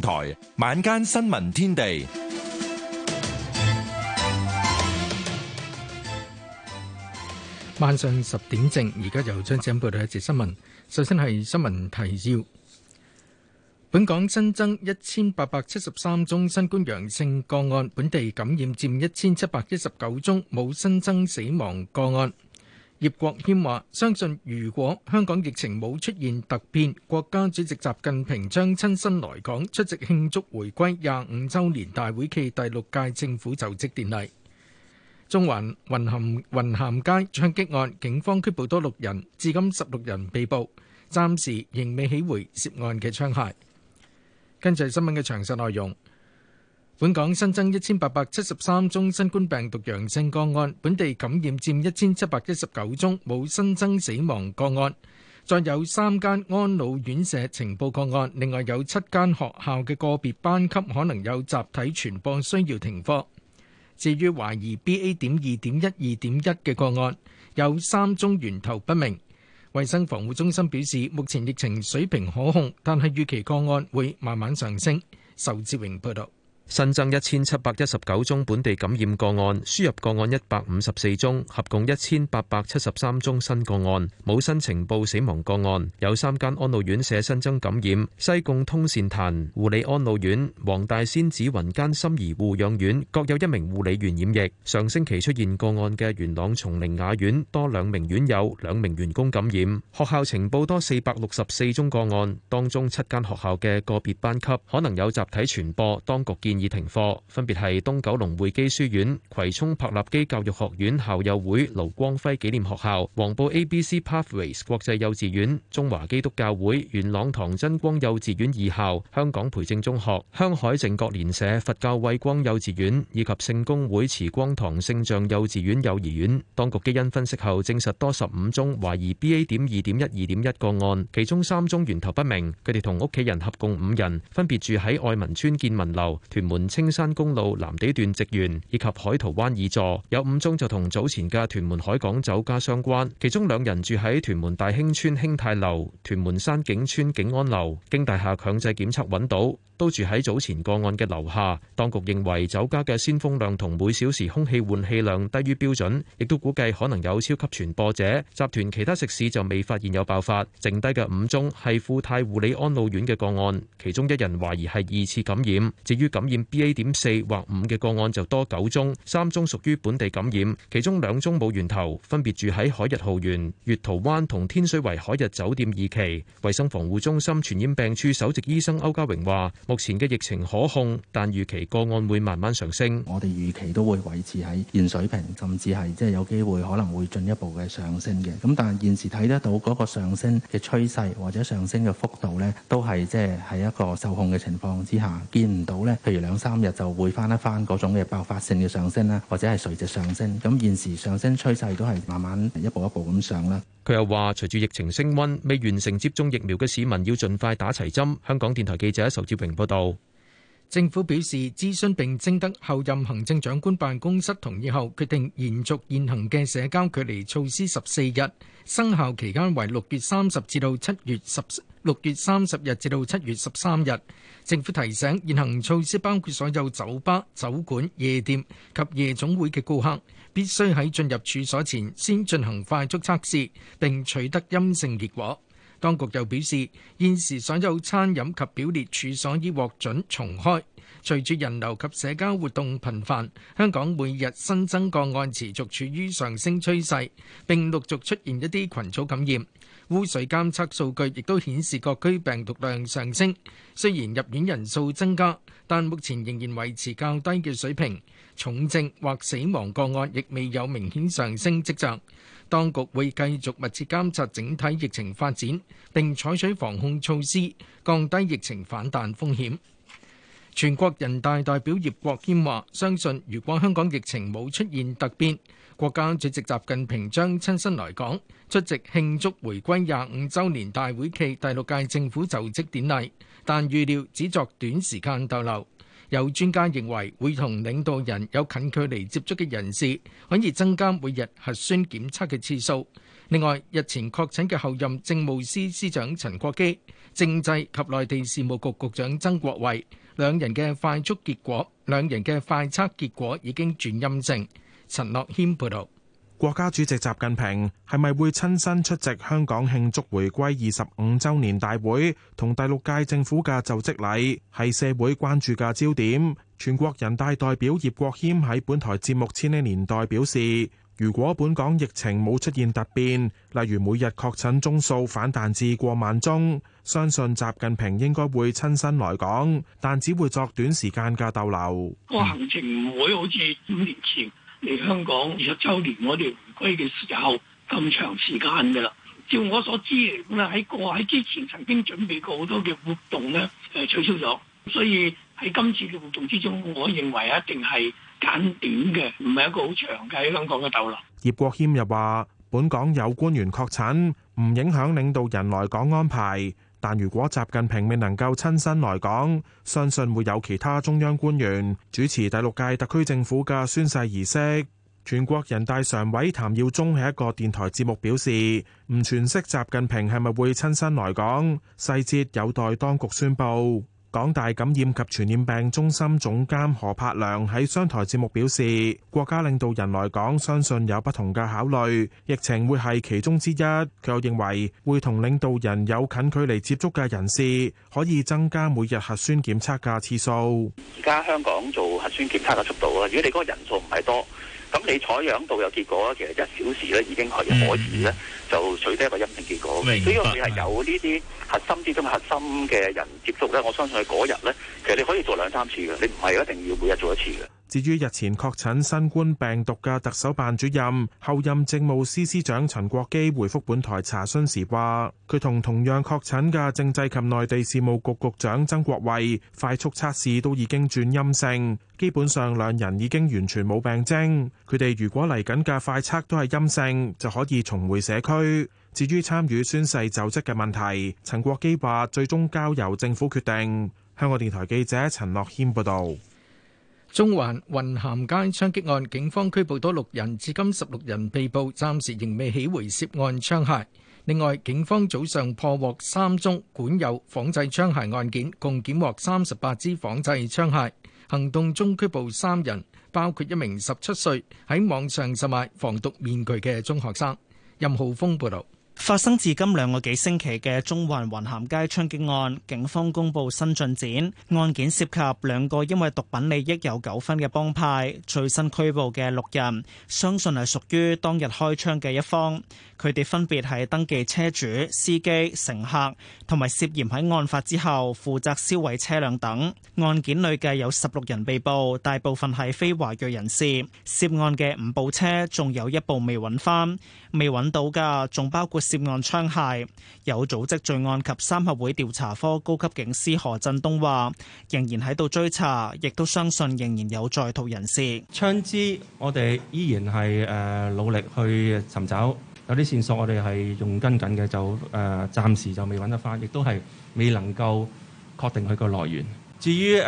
台晚間新聞天地，晚上十點正，而家由張子恩報道一節新聞。首先係新聞提要：本港新增一千八百七十三宗新冠陽性個案，本地感染佔一千七百一十九宗，冇新增死亡個案。葉國謙話：相信如果香港疫情冇出現突變，國家主席習近平將親身來港出席慶祝回歸廿五周年大會暨第六屆政府就職典禮。中環雲咸雲咸街槍擊案，警方拘捕多六人，至今十六人被捕，暫時仍未起回涉案嘅槍械。跟住係新聞嘅詳細內容。本港新增一千八百七十三宗新冠病毒陽性個案，本地感染佔一千七百一十九宗，冇新增死亡個案。再有三間安老院舍情報個案，另外有七間學校嘅個別班級可能有集體傳播，需要停課。至於懷疑 B A 點二點一二點一嘅個案，有三宗源頭不明。衛生防護中心表示，目前疫情水平可控，但係預期個案會慢慢上升。仇志榮報道。新增一千七百一十九宗本地感染個案，輸入個案一百五十四宗，合共一千八百七十三宗新個案，冇新呈報死亡個案。有三間安老院舍新增感染：西貢通善壇護理安老院、黃大仙紫雲間心怡護養院，各有一名護理員染疫。上星期出現個案嘅元朗松陵雅苑多兩名院友、兩名員工感染。學校呈報多四百六十四宗個案，當中七間學校嘅個別班級可能有集體傳播。當局建已停課，分別係東九龍匯基書院、葵涌柏立基教育學院校友會盧光輝紀念學校、黃埔 A.B.C.Pathways 國際幼稚園、中華基督教會元朗堂真光幼稚園二校、香港培正中學、香海正覺蓮社佛教慧光幼稚園以及聖公會慈光堂聖象幼稚園幼兒園。當局基因分析後證實多十五宗懷疑 B.A. 點二點一二點一個案，其中三宗源頭不明。佢哋同屋企人合共五人，分別住喺愛民村建民樓屯。屯門青山公路藍地段植園以及海濤灣二座，有五宗就同早前嘅屯門海港酒家相關，其中兩人住喺屯門大興村興泰樓、屯門山景村景安樓，經大廈強制檢測揾到，都住喺早前個案嘅樓下。當局認為酒家嘅鮮風量同每小時空氣換氣量低於標準，亦都估計可能有超級傳播者。集團其他食肆，就未發現有爆發。剩低嘅五宗係富泰護理安老院嘅個案，其中一人懷疑係二次感染。至於感染。B A 點四或五嘅個案就多九宗，三宗屬於本地感染，其中兩宗冇源頭，分別住喺海逸豪園、月桃灣同天水圍海逸酒店二期。衛生防護中心傳染病處首席醫生歐家榮話，目前嘅疫情可控，但預期個案會慢慢上升。我哋預期都會維持喺現水平，甚至係即係有機會可能會進一步嘅上升嘅。咁但係現時睇得到嗰個上升嘅趨勢或者上升嘅幅度咧，都係即係喺一個受控嘅情況之下，見唔到咧，譬如。兩三日就會翻一翻嗰種嘅爆發性嘅上升啦，或者係垂直上升。咁現時上升趨勢都係慢慢一步一步咁上啦。佢又話，隨住疫情升温，未完成接種疫苗嘅市民要盡快打齊針。香港電台記者仇志平報道。政府表示，諮詢並徵得後任行政長官辦公室同意後，決定延續現行嘅社交距離措施十四日，生效期間為六月三十至到七月十。六月三十日至到七月十三日，政府提醒現行措施包括所有酒吧、酒館、夜店及夜總會嘅顧客必須喺進入處所前先進行快速測試並取得陰性結果。當局又表示，現時所有餐飲及表列處所已獲准重開。隨住人流及社交活動頻繁，香港每日新增個案持續處於上升趨勢，並陸續出現一啲群組感染。污水監測數據亦都顯示各區病毒量上升，雖然入院人數增加，但目前仍然維持較低嘅水平。重症或死亡個案亦未有明顯上升跡象。當局會繼續密切監察整體疫情發展，並採取防控措施，降低疫情反彈風險。全國人大代表葉國謙話相信，如果香港疫情冇出現突變，國家主席習近平將親身來港，出席慶祝回歸廿五週年大會暨第六屆政府就職典禮，但預料只作短時間逗留。有專家認為，會同領導人有近距離接觸嘅人士，可以增加每日核酸檢測嘅次數。另外，日前確診嘅候任政務司司長陳國基、政制及內地事務局局長曾國衛，兩人嘅快速結果，兩人嘅快測結果已經轉陰性。陳樂軒報導。國家主席習近平係咪會親身出席香港慶祝回歸二十五周年大會同第六屆政府嘅就職禮，係社會關注嘅焦點。全國人大代表葉國謙喺本台節目《千禧年代》表示，如果本港疫情冇出現突變，例如每日確診宗數反彈至過萬宗，相信習近平應該會親身來港，但只會作短時間嘅逗留。個行程唔會好似五年前。嚟香港二十周年，我哋回歸嘅時候咁長時間嘅啦。照我所知嚟講咧，喺過去之前曾經準備過好多嘅活動咧，誒取消咗。所以喺今次嘅活動之中，我認為一定係簡短嘅，唔係一個好長嘅喺香港嘅逗留。葉國謙又話本港有官員確診，唔影響領導人來港安排。但如果習近平未能夠親身來港，相信會有其他中央官員主持第六屆特區政府嘅宣誓儀式。全國人大常委譚耀宗喺一個電台節目表示，唔詮釋習近平係咪會親身來港，細節有待當局宣佈。港大感染及傳染病中心總監何柏良喺商台節目表示，國家領導人來港，相信有不同嘅考慮，疫情會係其中之一。佢又認為，會同領導人有近距離接觸嘅人士，可以增加每日核酸檢測嘅次數。而家香港做核酸檢測嘅速度，啊，如果你嗰個人數唔係多。咁你採樣到有結果，其實一小時咧已經係可以咧，嗯、就取得一個陰性結果。白所以你係有呢啲核心之中嘅核心嘅人接觸咧，我相信佢嗰日咧，其實你可以做兩三次嘅，你唔係一定要每日做一次嘅。至於日前確診新冠病毒嘅特首辦主任、後任政務司司長陳國基回覆本台查詢時話：佢同同樣確診嘅政制及內地事務局局長曾國衛快速測試都已經轉陰性，基本上兩人已經完全冇病徵。佢哋如果嚟緊嘅快測都係陰性，就可以重回社區。至於參與宣誓就職嘅問題，陳國基話最終交由政府決定。香港電台記者陳樂謙報導。中環雲咸街槍擊案，警方拘捕多六人，至今十六人被捕，暫時仍未起回涉案槍械。另外，警方早上破獲三宗管有仿製槍械案件，共檢獲三十八支仿製槍械。行動中拘捕三人，包括一名十七歲喺網上售賣防毒面具嘅中學生。任浩峰報道。發生至今兩個幾星期嘅中環雲咸街槍擊案，警方公布新進展。案件涉及兩個因為毒品利益有糾紛嘅幫派，最新拘捕嘅六人，相信係屬於當日開槍嘅一方。佢哋分別係登記車主、司機、乘客，同埋涉嫌喺案發之後負責銷毀車輛等。案件累計有十六人被捕，大部分係非華裔人士。涉案嘅五部車，仲有一部未揾翻，未揾到噶，仲包括。涉案槍械，有組織罪案及三合會調查科高級警司何振東話：「仍然喺度追查，亦都相信仍然有在逃人士。槍支，我哋依然係誒、呃、努力去尋找，有啲線索我哋係用跟緊嘅，就誒暫時就未揾得返，亦都係未能夠確定佢個來源。至於誒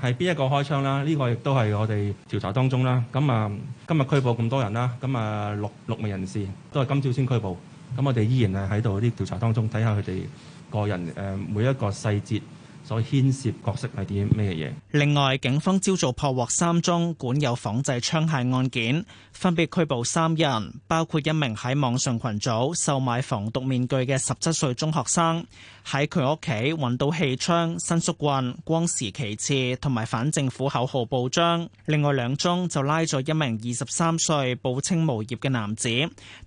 係邊一個開槍啦？呢、這個亦都係我哋調查當中啦。咁啊，今日拘捕咁多人啦，咁啊六六名人士都係今朝先拘捕。咁我哋依然係喺度啲調查當中，睇下佢哋個人誒、呃、每一個細節。所牽涉角色係啲咩嘢？另外，警方朝早破獲三宗管有仿製槍械案件，分別拘捕三人，包括一名喺網上群組售賣防毒面具嘅十七歲中學生，喺佢屋企揾到氣槍、伸縮棍、光時旗幟同埋反政府口號報章。另外兩宗就拉咗一名二十三歲報稱無業嘅男子，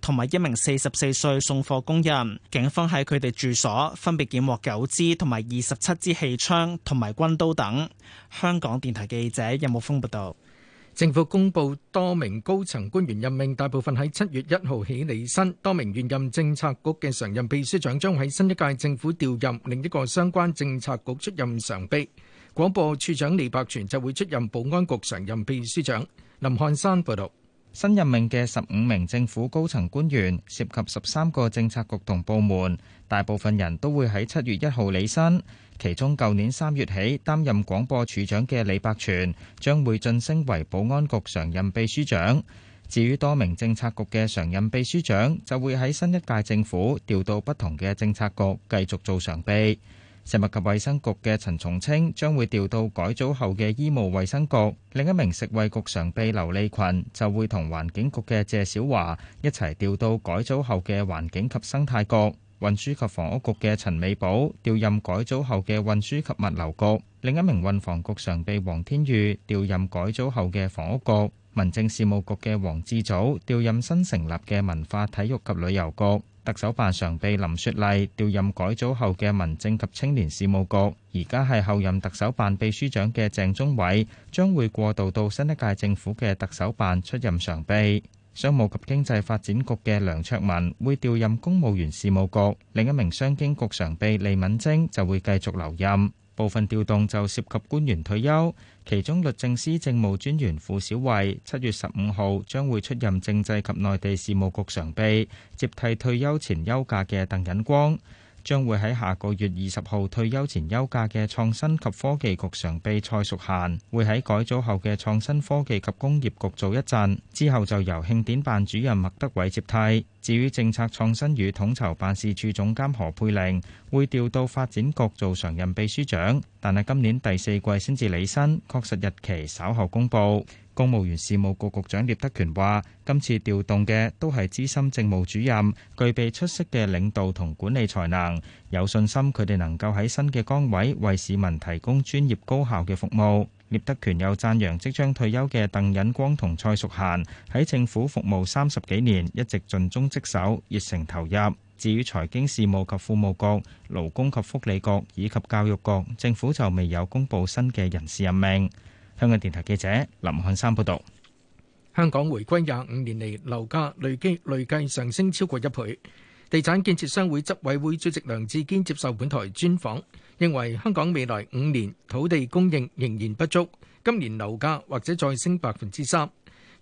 同埋一名四十四歲送貨工人。警方喺佢哋住所分別檢獲九支同埋二十七支氣。利昌同埋君都等。香港電台記者任木峰報道，政府公布多名高層官員任命，大部分喺七月一號起履新。多名現任政策局嘅常任秘書長將喺新一屆政府調任另一個相關政策局出任常秘。廣播處長李百全就會出任保安局常任秘書長。林漢山報道，新任命嘅十五名政府高層官員涉及十三個政策局同部門，大部分人都會喺七月一號履新。其中，舊年三月起擔任廣播處長嘅李百全將會晉升為保安局常任秘書長。至於多名政策局嘅常任秘書長，就會喺新一屆政府調到不同嘅政策局繼續做常秘。食物及衛生局嘅陳松青將會調到改組後嘅醫務衛生局。另一名食衛局常秘劉利群就會同環境局嘅謝小華一齊調到改組後嘅環境及生態局。運輸及房屋局嘅陳美寶調任改組後嘅運輸及物流局，另一名運房局常秘黃天宇調任改組後嘅房屋局，民政事務局嘅黃志祖調任新成立嘅文化體育及旅遊局，特首辦常秘林雪麗調任改組後嘅民政及青年事務局。而家係候任特首辦秘書長嘅鄭中偉將會過渡到新一屆政府嘅特首辦出任常秘。商務及經濟發展局嘅梁卓文會調任公務員事務局，另一名商經局常秘李敏貞就會繼續留任。部分調動就涉及官員退休，其中律政司政務專員傅小慧七月十五號將會出任政制及內地事務局常秘，接替退休前休假嘅鄧忍光。將會喺下個月二十號退休前休假嘅創新及科技局常秘蔡淑嫻，會喺改組後嘅創新科技及工業局做一陣，之後就由慶典辦主任麥德偉接替。至於政策創新與統籌辦事處總監何佩玲，會調到發展局做常任秘書長，但係今年第四季先至履新，確實日期稍後公佈。公務員事務局局長聶德權話：今次調動嘅都係資深政務主任，具備出色嘅領導同管理才能，有信心佢哋能夠喺新嘅崗位為市民提供專業高效嘅服務。聶德權又讚揚即將退休嘅鄧引光同蔡淑嫻喺政府服務三十幾年，一直盡忠職守，熱誠投入。至於財經事務及庫務局、勞工及福利局以及教育局，政府就未有公佈新嘅人事任命。香港電台記者林漢山報道：香港回歸廿五年嚟，樓價累計累計上升超過一倍。地產建設商會執委會主席梁志堅接受本台專訪，認為香港未來五年土地供應仍然不足，今年樓價或者再升百分之三。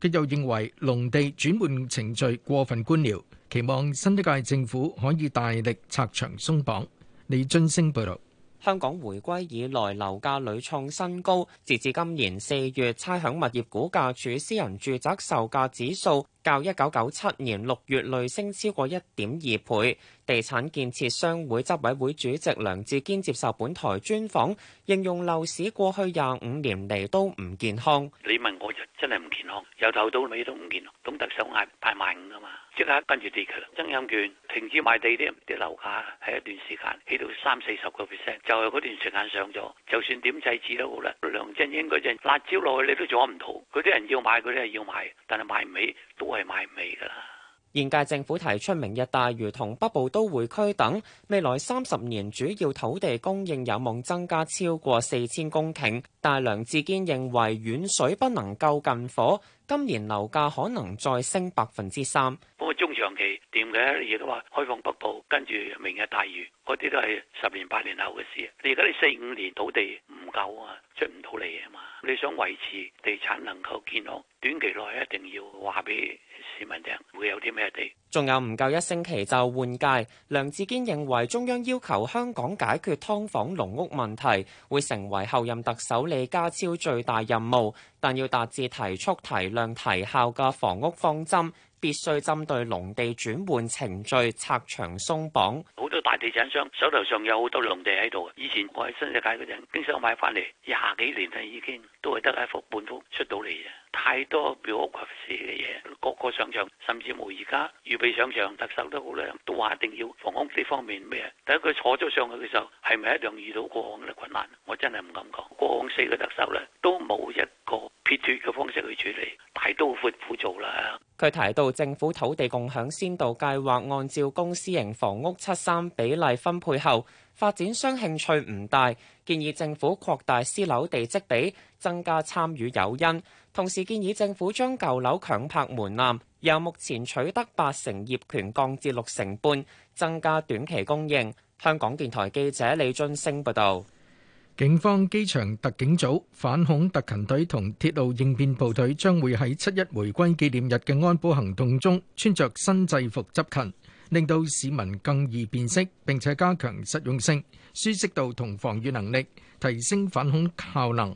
佢又認為農地轉換程序過分官僚，期望新一屆政府可以大力拆牆鬆綁。李津升報道。香港回歸以來樓價屢創新高，截至今年四月差餉物業估價署私人住宅售價指數，較一九九七年六月累升超過一點二倍，地產建設商會執委會主席梁志堅接受本台專訪，形容樓市過去廿五年嚟都唔健康。你問我就真係唔健康，由頭到尾都唔健康。咁特首嗌派萬五啊嘛，即刻跟住跌噶啦。曾蔭權停止賣地咧，啲樓價喺一段時間起到三四十個 percent，就係嗰段時間上咗。就算點制止都好啦，梁振英嗰陣辣椒落去你都阻唔到，嗰啲人要買嗰啲係要買，但係買唔起係賣現屆政府提出明日大嶼同北部都會區等，未來三十年主要土地供應有望增加超過四千公頃。但梁志堅認為遠水不能夠近火，今年樓價可能再升百分之三。長期點嘅，亦都話開放北部，跟住明日大嶼，嗰啲都係十年八年後嘅事。你而家你四五年土地唔夠啊，出唔到嚟啊嘛。你想維持地產能夠健康，短期內一定要話俾市民聽，會有啲咩地？仲有唔夠一星期就換屆。梁志堅認為中央要求香港解決劏房、農屋問題，會成為後任特首李家超最大任務，但要達至提速提提、提量、提效嘅房屋方針。必須針對農地轉換程序拆牆鬆綁，好多大地產商手頭上有好多農地喺度。以前我喺新世界嗰陣，經常買翻嚟廿幾年啦，已經都係得一幅半幅出到嚟嘅。太多表及示嘅嘢，個個上場，甚至無而家預備上場特首都好咧，都話一定要房屋呢方面咩？第一佢坐咗上去嘅時候，係咪一樣遇到過往嘅困難？我真係唔敢講過往四個特首咧，都冇一個撇脱嘅方式去處理，大太多苦做啦。佢提到政府土地共享先導計劃，按照公私型房屋七三比例分配後，發展商興趣唔大，建議政府擴大私樓地積比，增加參與誘因。同時建議政府將舊樓強拍門檻，由目前取得八成業權降至六成半，增加短期供應。香港電台記者李俊升報導。警方機場特警組、反恐特勤隊同鐵路應變部隊將會喺七一回歸紀念日嘅安保行動中，穿着新制服執勤，令到市民更易辨識，並且加強實用性、舒適度同防禦能力，提升反恐效能。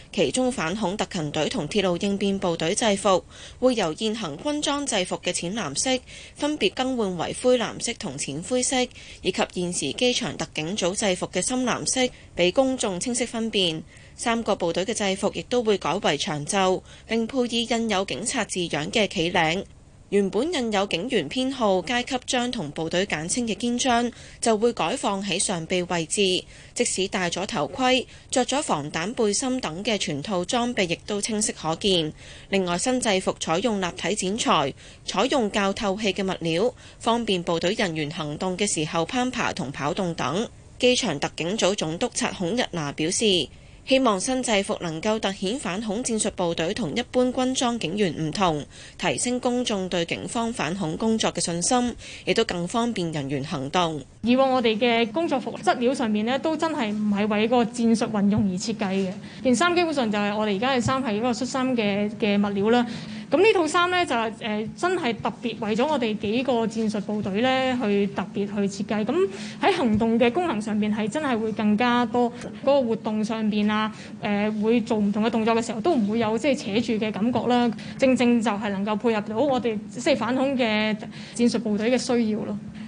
其中反恐特勤隊同鐵路應變部隊制服會由現行軍裝制服嘅淺藍色分別更換為灰藍色同淺灰色，以及現時機場特警組制服嘅深藍色，俾公眾清晰分辨。三個部隊嘅制服亦都會改為長袖，並配以印有警察字樣嘅企領。原本印有警員編號、階級章同部隊簡稱嘅肩章，就會改放喺上臂位置。即使戴咗頭盔、着咗防彈背心等嘅全套裝備，亦都清晰可見。另外，新制服採用立體剪裁，採用較透氣嘅物料，方便部隊人員行動嘅時候攀爬同跑動等。機場特警組總督察孔日娜表示，希望新制服能夠突顯反恐戰術部隊同一般軍裝警員唔同，提升公眾對警方反恐工作嘅信心，亦都更方便人員行動。以往我哋嘅工作服質料上面呢，都真係唔係為個戰術運用而設計嘅。件衫基本上就係我哋而家嘅衫係嗰個恤衫嘅嘅物料啦。咁呢套衫咧就係誒、呃、真係特別為咗我哋幾個戰術部隊咧去特別去設計，咁喺行動嘅功能上邊係真係會更加多嗰、嗰個活動上邊啊誒會做唔同嘅動作嘅時候都唔會有即係扯住嘅感覺啦，正正就係能夠配合到我哋即係反恐嘅戰術部隊嘅需要咯。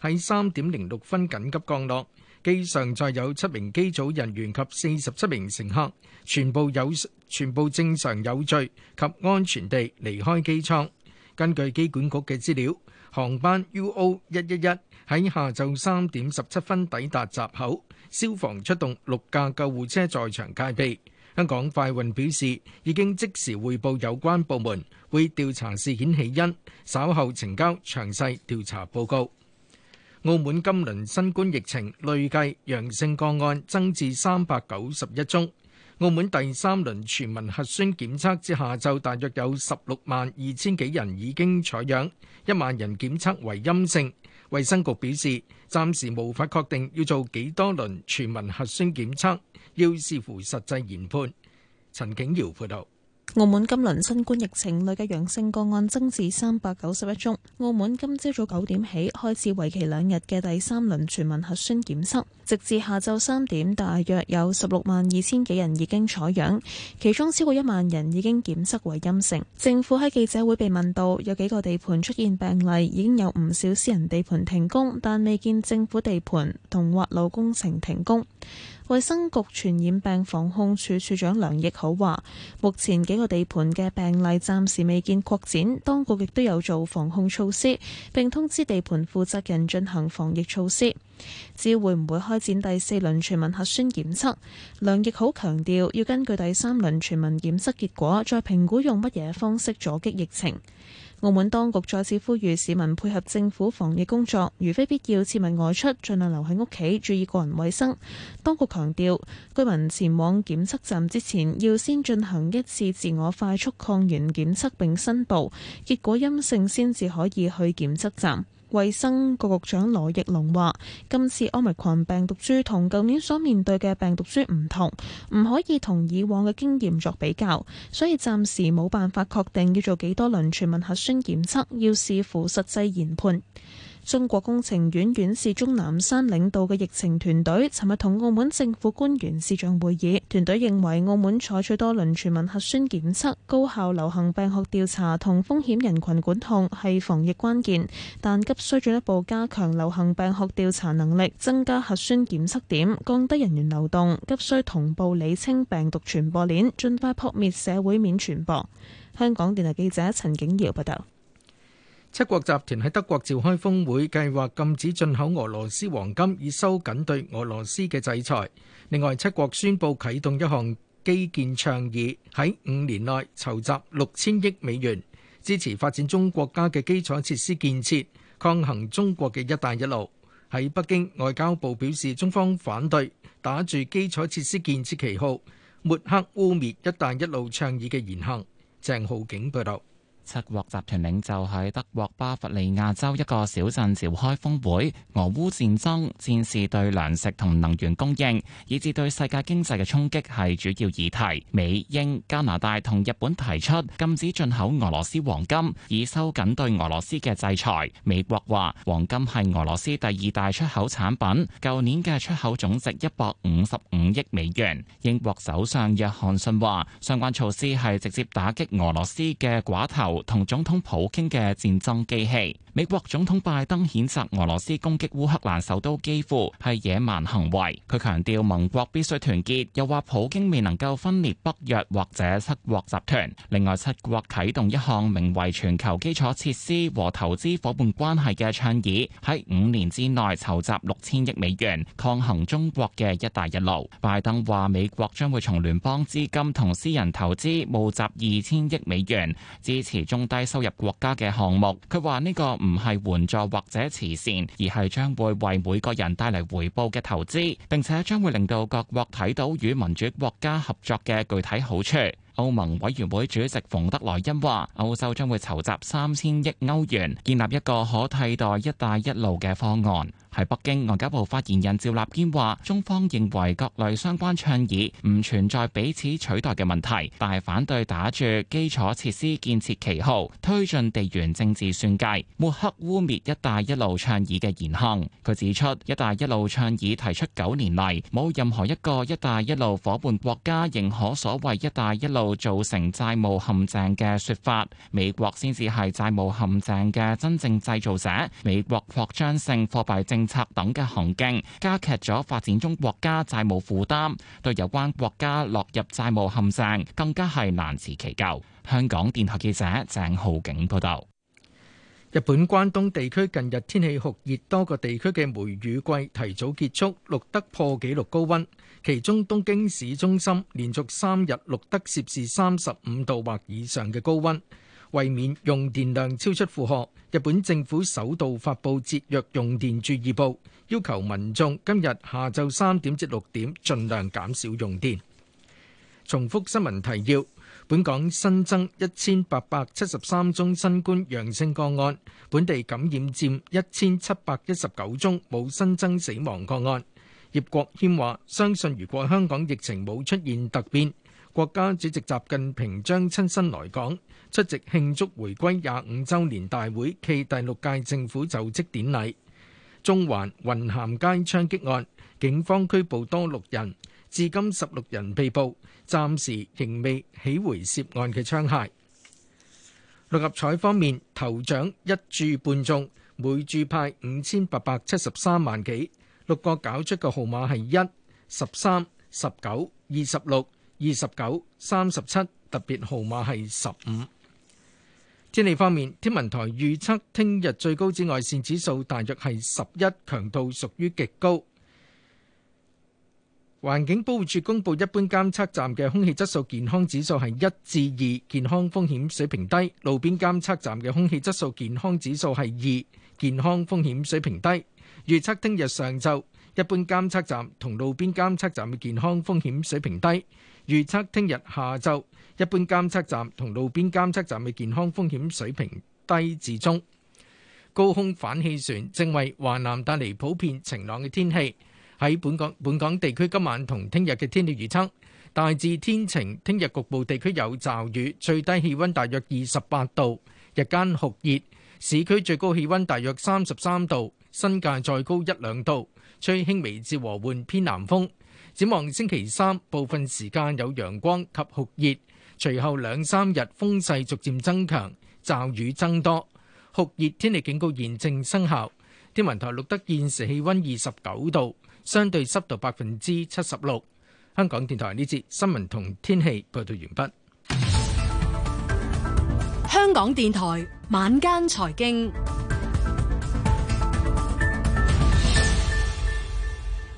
喺三點零六分緊急降落，機上載有七名機組人員及四十七名乘客，全部有全部正常有序及安全地離開機艙。根據機管局嘅資料，航班 U O 一一一喺下晝三點十七分抵達閘口，消防出動六架救護車在場戒備。香港快運表示已經即時匯報有關部門會調查事件起因，稍後呈交詳細調查報告。澳門今輪新冠疫情累計陽性個案增至三百九十一宗。澳門第三輪全民核酸檢測之下晝大約有十六萬二千幾人已經採樣，一萬人檢測為陰性。衛生局表示，暫時無法確定要做幾多輪全民核酸檢測，要視乎實際研判。陳景瑤報道。澳門今輪新冠疫情累計陽性個案增至三百九十一宗。澳門今朝早九點起開始為期兩日嘅第三輪全民核酸檢測，直至下晝三點，大約有十六萬二千幾人已經採樣，其中超過一萬人已經檢測為陰性。政府喺記者會被問到，有幾個地盤出現病例，已經有唔少私人地盤停工，但未見政府地盤同挖路工程停工。衛生局傳染病防控處處長梁亦好話，目前幾個地盤嘅病例暫時未見擴展，當局亦都有做防控措施，並通知地盤負責人進行防疫措施。至於會唔會開展第四輪全民核酸檢測，梁亦好強調要根據第三輪全民檢測結果，再評估用乜嘢方式阻擊疫情。澳門當局再次呼籲市民配合政府防疫工作，如非必要切勿外出，盡量留喺屋企，注意個人衛生。當局強調，居民前往檢測站之前，要先進行一次自我快速抗原檢測並申報，結果陰性先至可以去檢測站。衛生局局長羅奕龍話，今次 Omicron 病毒株同舊年所面對嘅病毒株唔同，唔可以同以往嘅經驗作比較，所以暫時冇辦法確定要做幾多輪全民核酸檢測，要視乎實際研判。中國工程院院士鍾南山領導嘅疫情團隊，尋日同澳門政府官員視像會議。團隊認為，澳門採取多輪全民核酸檢測、高效流行病學調查同風險人群管控係防疫關鍵，但急需進一步加強流行病學調查能力，增加核酸檢測點，降低人員流動，急需同步理清病毒傳播鏈，盡快撲滅社會面傳播。香港電台記者陳景瑤報道。七國集團喺德國召開峰會，計劃禁止進口俄羅斯黃金，以收緊對俄羅斯嘅制裁。另外，七國宣布啟動一項基建倡議，喺五年內籌集六千億美元，支持發展中國家嘅基礎設施建設，抗衡中國嘅「一帶一路」。喺北京，外交部表示中方反對打住基礎設施建設旗號，抹黑污蔑「一帶一路」倡議嘅言行。鄭浩景報道。七國集團領袖喺德國巴伐利亞州一個小鎮召開峰會，俄烏戰爭、戰事對糧食同能源供應，以至對世界經濟嘅衝擊係主要議題。美英加拿大同日本提出禁止進口俄羅斯黃金，以收緊對俄羅斯嘅制裁。美國話黃金係俄羅斯第二大出口產品，舊年嘅出口總值一百五十五億美元。英國首相約翰遜話，相關措施係直接打擊俄羅斯嘅寡頭同總統普京嘅戰爭機器。美國總統拜登譴責俄羅斯攻擊烏克蘭首都，幾乎係野蠻行為。佢強調盟國必須團結，又話普京未能夠分裂北約或者七國集團。另外，七國啟動一項名為全球基礎設施和投資夥伴關係嘅倡議，喺五年之內籌集六千億美元，抗衡中國嘅一帶一路。拜登話美國將會從聯邦資金同私人投資募集二千億美元，支持中低收入國家嘅項目。佢話呢個。唔係援助或者慈善，而係將會為每個人帶嚟回報嘅投資，並且將會令到各國睇到與民主國家合作嘅具體好處。歐盟委員會主席馮德萊恩話，歐洲將會籌集三千億歐元，建立一個可替代一帶一路嘅方案。喺北京，外交部發言人趙立堅話，中方認為各類相關倡議唔存在彼此取代嘅問題，但係反對打住基礎設施建設旗號推進地緣政治算計、抹黑污衊“一帶一路”倡議嘅言行。佢指出，“一帶一路”倡議提出九年嚟，冇任何一個“一帶一路”夥伴國家認可所謂“一帶一路”造成債務陷阱嘅說法，美國先至係債務陷阱嘅真正製造者。美國擴張性貨幣政策等嘅行徑，加劇咗發展中國家債務負擔，對有關國家落入債務陷阱，更加係難辭其咎。香港電台記者鄭浩景報道。日本關東地區近日天氣酷熱，多個地區嘅梅雨季提早結束，錄得破紀錄高溫。其中東京市中心連續三日錄得攝氏三十五度或以上嘅高溫。為免用電量超出負荷，日本政府首度發布節約用電注意報，要求民眾今日下晝三點至六點盡量減少用電。重複新聞提要：本港新增一千八百七十三宗新冠陽性個案，本地感染佔一千七百一十九宗，冇新增死亡個案。葉國謙話，相信如果香港疫情冇出現突變。國家主席習近平將親身來港出席慶祝回歸廿五周年大會暨第六屆政府就職典禮。中環雲咸街槍擊案，警方拘捕多六人，至今十六人被捕，暫時仍未起回涉案嘅槍械。六合彩方面，頭獎一注半中，每注派五千八百七十三萬幾。六個搞出嘅號碼係一、十三、十九、二十六、二十九、三十七，特別號碼係十五。天氣方面，天文台預測聽日最高紫外線指數大約係十一，強度屬於極高。環境保護署公布一般監測站嘅空氣質素健康指數係一至二，健康風險水平低；路邊監測站嘅空氣質素健康指數係二，健康風險水平低。預測聽日上晝，一般監測站同路邊監測站嘅健康風險水平低。預測聽日下晝，一般監測站同路邊監測站嘅健康風險水平低至中。高空反氣旋正為華南帶嚟普遍晴朗嘅天氣。喺本港，本港地區今晚同聽日嘅天氣預測大致天晴，聽日局部地區有驟雨。最低氣溫大約二十八度，日間酷熱，市區最高氣溫大約三十三度，新界再高一兩度，吹輕微至和緩偏南風。展望星期三，部分時間有陽光及酷熱，隨後兩三日風勢逐漸增強，驟雨增多，酷熱天氣警告現正生效。天文台錄得現時氣溫二十九度，相對濕度百分之七十六。香港電台呢節新聞同天氣報道完畢。香港電台晚間財經。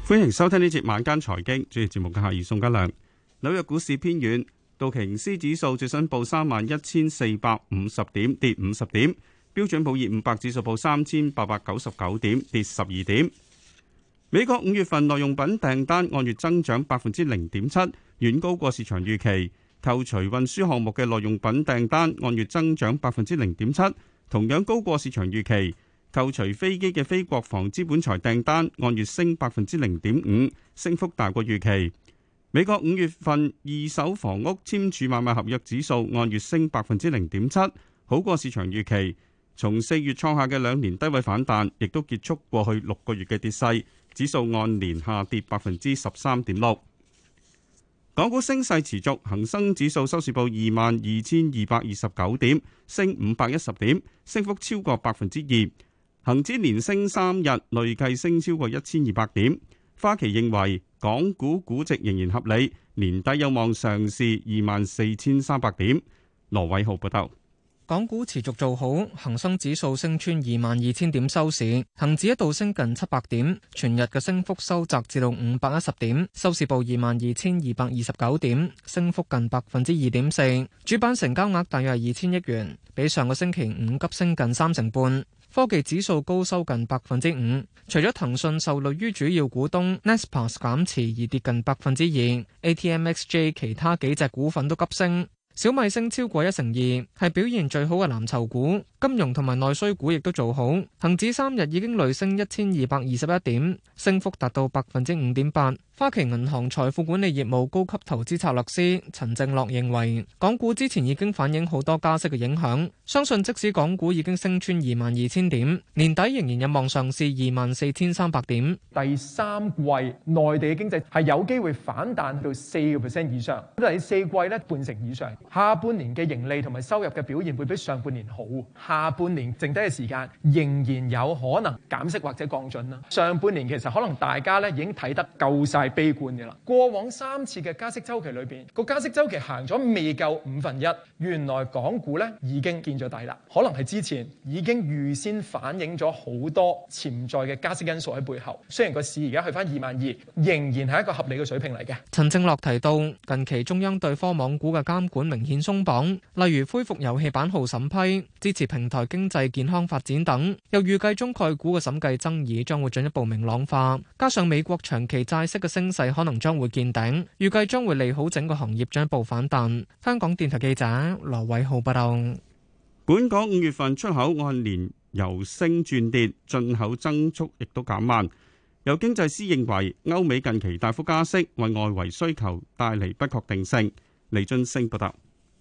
歡迎收聽呢節晚間財經，主持節目嘅客係宋家良。紐約股市偏軟，道瓊斯指數最新報三萬一千四百五十點，跌五十點；標準普爾五百指數報三千八百九十九點，跌十二點。美國五月份耐用品訂單按月增長百分之零點七，遠高過市場預期。扣除運輸項目嘅耐用品訂單按月增長百分之零點七，同樣高過市場預期。扣除飛機嘅非國防資本財訂單按月升百分之零點五，升幅大過預期。美國五月份二手房屋簽署買賣合約指數按月升百分之零點七，好過市場預期。從四月創下嘅兩年低位反彈，亦都結束過去六個月嘅跌勢。指數按年下跌百分之十三點六。港股升勢持續，恒生指數收市報二萬二千二百二十九點，升五百一十點，升幅超過百分之二。恒指連升三日，累計升超過一千二百點。花旗認為港股估值仍然合理，年底有望上試二萬四千三百點。羅偉浩報道，港股持續做好，恒生指數升穿二萬二千點收市，恆指一度升近七百點，全日嘅升幅收窄至到五百一十點，收市報二萬二千二百二十九點，升幅近百分之二點四。主板成交額大約係二千億元，比上個星期五急升近三成半。科技指數高收近百分之五，除咗騰訊受累於主要股東 Naspers 減持而跌近百分之二，ATMXJ 其他幾隻股份都急升。小米升超過一成二，係表現最好嘅藍籌股。金融同埋內需股亦都做好，恒指三日已經累升一千二百二十一點，升幅達到百分之五點八。花旗銀行財富管理業務高級投資策略師陳正樂認為，港股之前已經反映好多加息嘅影響。相信即使港股已經升穿二萬二千點，年底仍然有望上市二萬四千三百點。第三季內地嘅經濟係有機會反彈到四個 percent 以上，第四季咧半成以上。下半年嘅盈利同埋收入嘅表現會比上半年好。下半年剩低嘅時間仍然有可能減息或者降準啦。上半年其實可能大家咧已經睇得夠晒悲觀嘅啦。過往三次嘅加息周期裏邊，個加息周期行咗未夠五分一，原來港股咧已經見。就底啦，可能係之前已經預先反映咗好多潛在嘅加息因素喺背後。雖然個市而家去翻二萬二，仍然係一個合理嘅水平嚟嘅。陳正樂提到，近期中央對科網股嘅監管明顯鬆綁，例如恢復遊戲版號審批，支持平台經濟健康發展等。又預計中概股嘅審計爭議將會進一步明朗化，加上美國長期債息嘅升勢可能將會見頂，預計將會利好整個行業進一步反彈。香港電台記者羅偉浩報道。本港五月份出口按年由升轉跌，進口增速亦都減慢。有經濟師認為，歐美近期大幅加息，為外圍需求帶嚟不確定性。李俊升報道。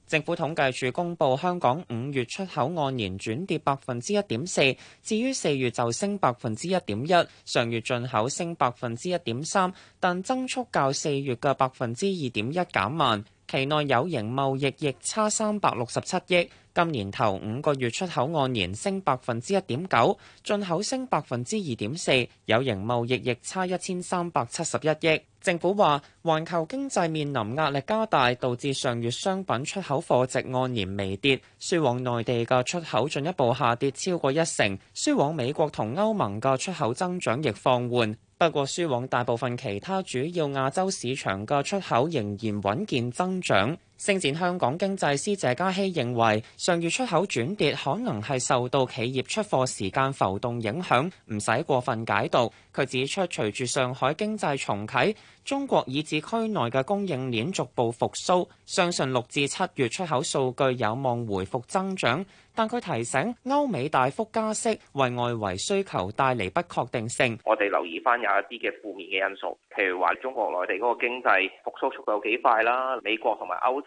政府統計處公佈，香港五月出口按年轉跌百分之一點四，至於四月就升百分之一點一。上月進口升百分之一點三，但增速較四月嘅百分之二點一減慢。期內有形貿易逆差三百六十七億。今年頭五個月出口按年升百分之一點九，進口升百分之二點四，有形貿易逆差一千三百七十一億。政府話，環球經濟面臨壓力加大，導致上月商品出口貨值按年微跌，輸往內地嘅出口進一步下跌超過一成，輸往美國同歐盟嘅出口增長亦放緩。不過，輸往大部分其他主要亞洲市場嘅出口仍然穩健增長。星展香港經濟師謝嘉熙認為，上月出口轉跌可能係受到企業出貨時間浮動影響，唔使過分解讀。佢指出，隨住上海經濟重啟，中國以至區內嘅供應鏈逐步復甦，相信六至七月出口數據有望回復增長。但佢提醒，歐美大幅加息為外圍需求帶嚟不確定性。我哋留意翻有一啲嘅負面嘅因素，譬如話中國內地嗰個經濟復甦復速度有幾快啦，美國同埋歐洲。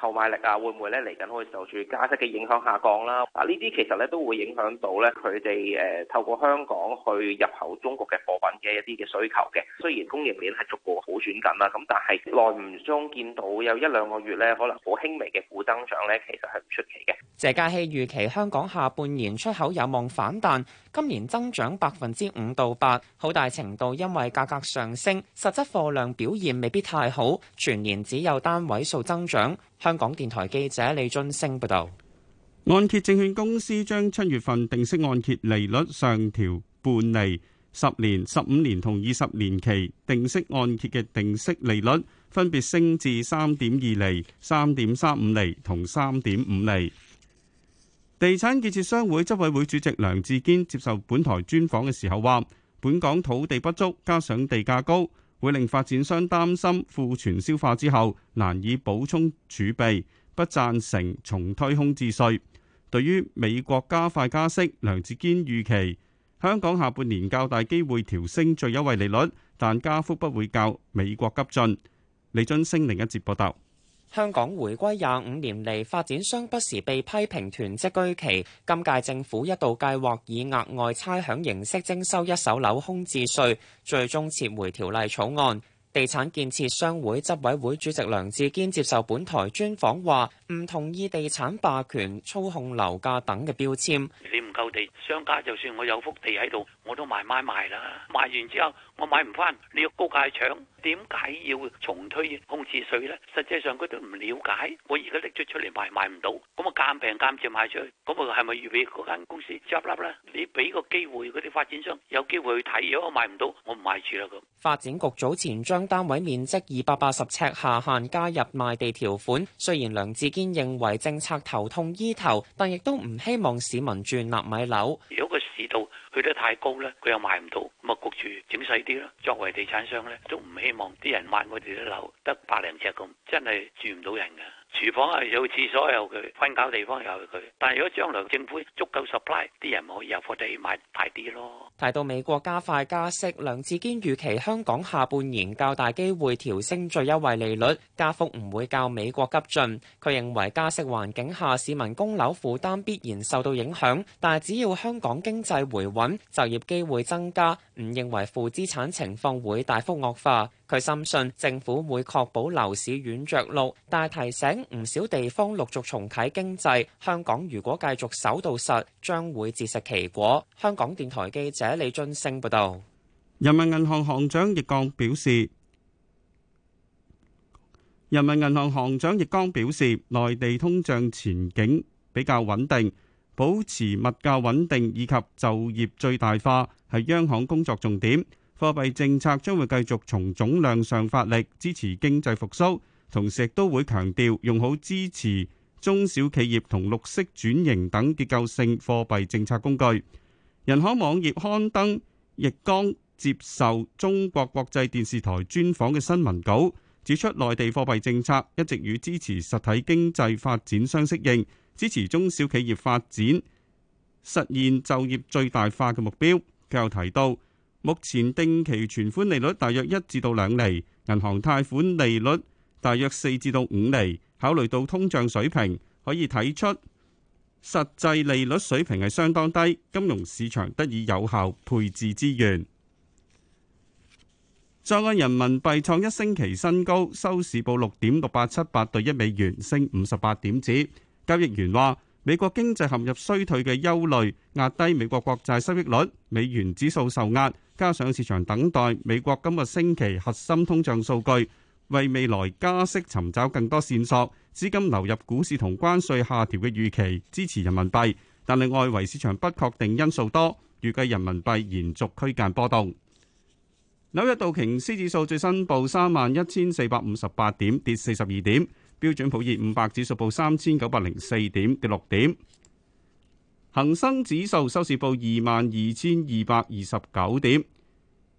購買力啊，會唔會咧嚟緊會受住加息嘅影響下降啦？嗱，呢啲其實咧都會影響到咧佢哋誒透過香港去入口中國嘅貨品嘅一啲嘅需求嘅。雖然供應鏈係逐步好轉緊啦，咁但係耐唔中見到有一兩個月咧，可能好輕微嘅負增長咧，其實係唔出奇嘅。謝家慶預期香港下半年出口有望反彈，今年增長百分之五到八，好大程度因為價格上升，實質貨量表現未必太好，全年只有單位數增長。香港電台記者李俊升報道，按揭證券公司將七月份定息按揭利率上調半厘，十年、十五年同二十年期定息按揭嘅定息利率分別升至三點二厘、三點三五厘同三點五厘。地產建設商會執委會主席梁志堅接受本台專訪嘅時候話，本港土地不足，加上地價高。會令發展商擔心庫存消化之後難以補充儲備，不贊成重推空置稅。對於美國加快加息，梁志堅預期香港下半年較大機會調升最優惠利率，但加幅不會較美國急進。李津星另一節報道。香港回歸廿五年嚟，發展商不時被批評囤積居奇。今屆政府一度計劃以額外差餉形式徵收一手樓空置稅，最終撤回條例草案。地產建設商會執委會主席梁志堅接受本台專訪，話唔同意地產霸權操控樓價等嘅標籤，你唔夠地商家，相隔就算我有幅地喺度。我都賣賣賣啦，賣完之後我買唔翻，你要高價搶，點解要重推空置稅呢？實際上佢都唔了解。我而家拎咗出嚟賣賣唔到，咁我間平間折賣出去，咁我係咪預備嗰間公司執笠呢？你俾個機會嗰啲發展商有機會去睇，如果我賣唔到，我唔賣住啦。咁發展局早前將單位面積二百八十尺下限加入賣地條款，雖然梁志堅認為政策頭痛醫頭，但亦都唔希望市民轉納米樓。如果個市道去得太高啦，佢又賣唔到，咁啊焗住整細啲咯。作為地產商呢，都唔希望啲人買我哋啲樓，得百零尺咁，真係住唔到人㗎。廚房係有廁所有佢，瞓覺地方有佢。但係如果將來政府足夠 supply，啲人可以入貨地買大啲咯。提到美國加快加息，梁志堅預期香港下半年較大機會調升最優惠利率，加幅唔會較美國急進。佢認為加息環境下，市民供樓負擔必然受到影響，但係只要香港經濟回穩，就業機會增加，唔認為負資產情況會大幅惡化。佢深信政府會確保樓市軟著陸，但係提醒唔少地方陸續重啟經濟。香港如果繼續守到實，將會自食其果。香港電台記者李津升報導。人民銀行行長易綱表示，人民銀行行長易綱表示，內地通脹前景比較穩定，保持物價穩定以及就業最大化係央行工作重點。貨幣政策將會繼續從總量上發力支持經濟復甦，同時亦都會強調用好支持中小企業同綠色轉型等結構性貨幣政策工具。人行網頁刊登易綱接受中國國際電視台專訪嘅新聞稿，指出內地貨幣政策一直與支持實體經濟發展相適應，支持中小企業發展，實現就業最大化嘅目標。佢又提到。目前定期存款利率大約一至到兩釐，銀行貸款利率大約四至到五釐。考慮到通脹水平，可以睇出實際利率水平係相當低，金融市場得以有效配置資源。在岸人民幣創一星期新高，收市報六點六八七八兌一美元，升五十八點子。交易員話。美國經濟陷入衰退嘅憂慮，壓低美國國債收益率，美元指數受壓，加上市場等待美國今個星期核心通脹數據，為未來加息尋找更多線索，資金流入股市同關稅下調嘅預期支持人民幣，但係外圍市場不確定因素多，預計人民幣延續區間波動。紐約道瓊斯指數最新報三萬一千四百五十八點，跌四十二點。標準普爾五百指數報三千九百零四點，跌六點，恒生指數收市報二萬二千二百二十九點，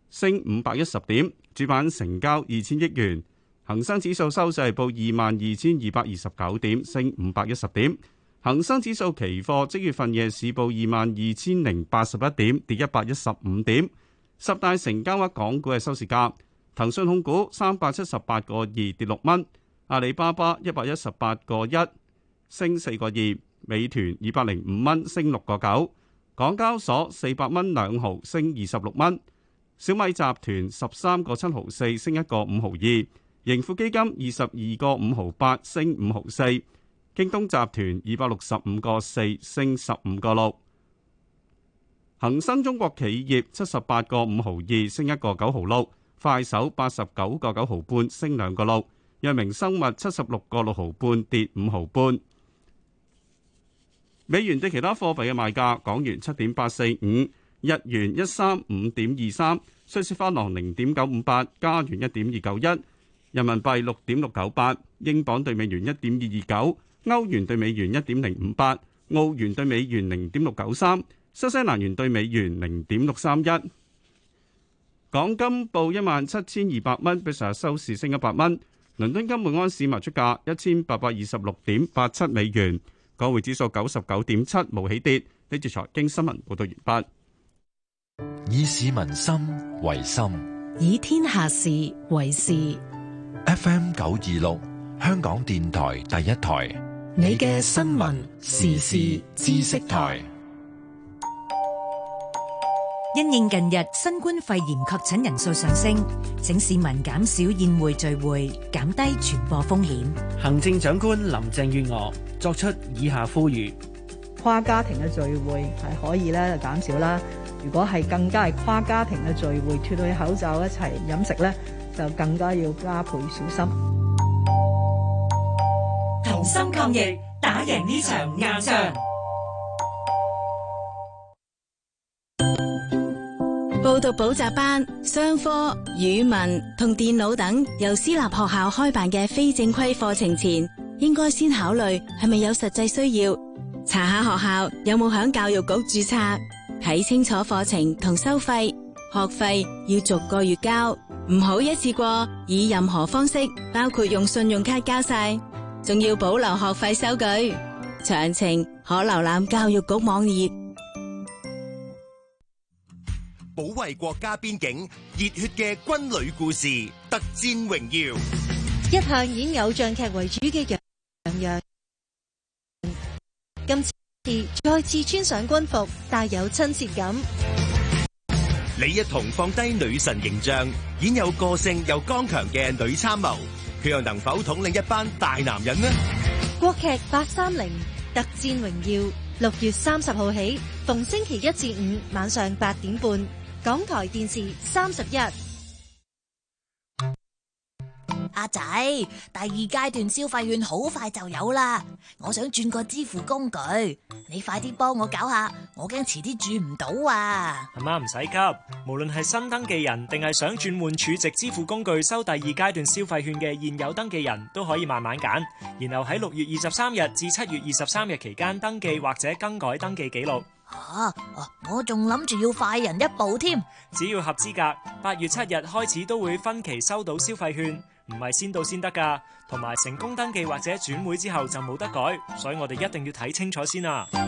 升五百一十點。主板成交二千億元。恒生指數收市報二萬二千二百二十九點，升五百一十點。恒生指數期貨即月份夜市報二萬二千零八十一點，跌一百一十五點。十大成交額港股嘅收市價，騰訊控股三百七十八個二跌六蚊。阿里巴巴一百一十八個一升四個二，美團二百零五蚊升六個九，港交所四百蚊兩毫升二十六蚊，小米集團十三個七毫四升一個五毫二，盈富基金二十二個五毫八升五毫四，京東集團二百六十五個四升十五個六，恒生中國企業七十八個五毫二升一個九毫六，快手八十九個九毫半升兩個六。藥明生物七十六個六毫半，跌五毫半。美元對其他貨幣嘅賣價：港元七點八四五，日元一三五點二三，瑞士法郎零點九五八，加元一點二九一，人民幣六點六九八，英鎊對美元一點二二九，歐元對美元一點零五八，澳元對美元零點六九三，新西蘭元對美元零點六三一。港金報一萬七千二百蚊，比上日收市升一百蚊。倫敦金每安士賣出價一千八百二十六點八七美元，港匯指數九十九點七無起跌。呢節財經新聞報道完畢。以市民心為心，以天下事為事。F M 九二六，香港電台第一台，你嘅新聞時事知識台。因應近日新冠肺炎確診人數上升，請市民減少宴會聚會，減低傳播風險。行政長官林鄭月娥作出以下呼籲：跨家庭嘅聚會係可以咧減少啦，如果係更加係跨家庭嘅聚會，脱去口罩一齊飲食咧，就更加要加倍小心。同心抗疫，打贏呢場硬仗。報讀補習班、商科、語文同電腦等由私立學校開辦嘅非正規課程前，應該先考慮係咪有實際需要，查下學校有冇響教育局註冊，睇清楚課程同收費，學費要逐個月交，唔好一次過，以任何方式，包括用信用卡交晒，仲要保留學費收據。詳情可瀏覽教育局網頁。保衛國家邊境，熱血嘅軍旅故事《特戰榮耀》，一向演偶像劇為主嘅楊洋，今次再次穿上軍服，帶有親切感。李一桐放低女神形象，演有個性又剛強嘅女參謀，佢又能否統領一班大男人呢？國劇《八三零》《特戰榮耀》，六月三十號起，逢星期一至五晚上八點半。港台電視三十一。阿仔，第二階段消費券好快就有啦！我想轉個支付工具，你快啲幫我搞下，我驚遲啲轉唔到啊！阿媽唔使急，無論係新登記人定係想轉換儲值支付工具收第二階段消費券嘅現有登記人都可以慢慢揀，然後喺六月二十三日至七月二十三日期間登記或者更改登記記錄。啊！我仲諗住要快人一步添，只要合資格，八月七日開始都會分期收到消費券，唔係先到先得㗎，同埋成功登記或者轉會之後就冇得改，所以我哋一定要睇清楚先啦，啊。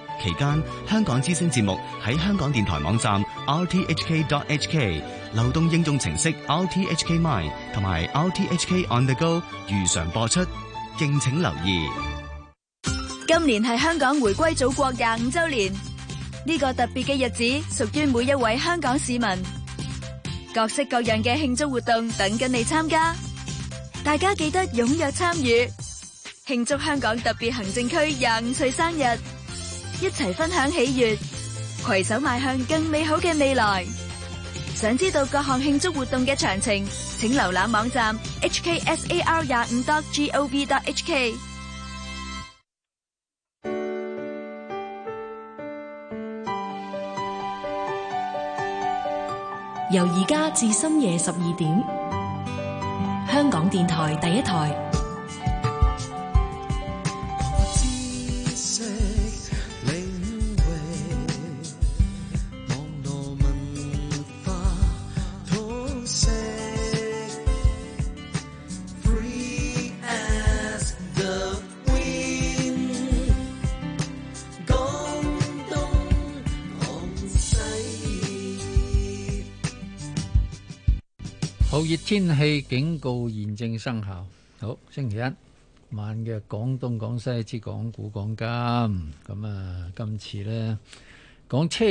期間，香港之聲節目喺香港電台網站 rthk.hk、流動應用程式 rthk mine 同埋 rthk on the go 如常播出，敬請留意。今年係香港回歸祖國廿五周年，呢、這個特別嘅日子屬於每一位香港市民，各式各樣嘅慶祝活動等緊你參加，大家記得踴躍參與慶祝香港特別行政區廿五歲生日。一齊分享喜悅，攜手邁向更美好嘅未來。想知道各項慶祝活動嘅詳情，請瀏覽網站 hksar25.gov.hk。由而家至深夜十二點，香港電台第一台。熱天氣警告現正生效。好，星期一晚嘅廣東廣西之港股講金，咁啊今次咧講車。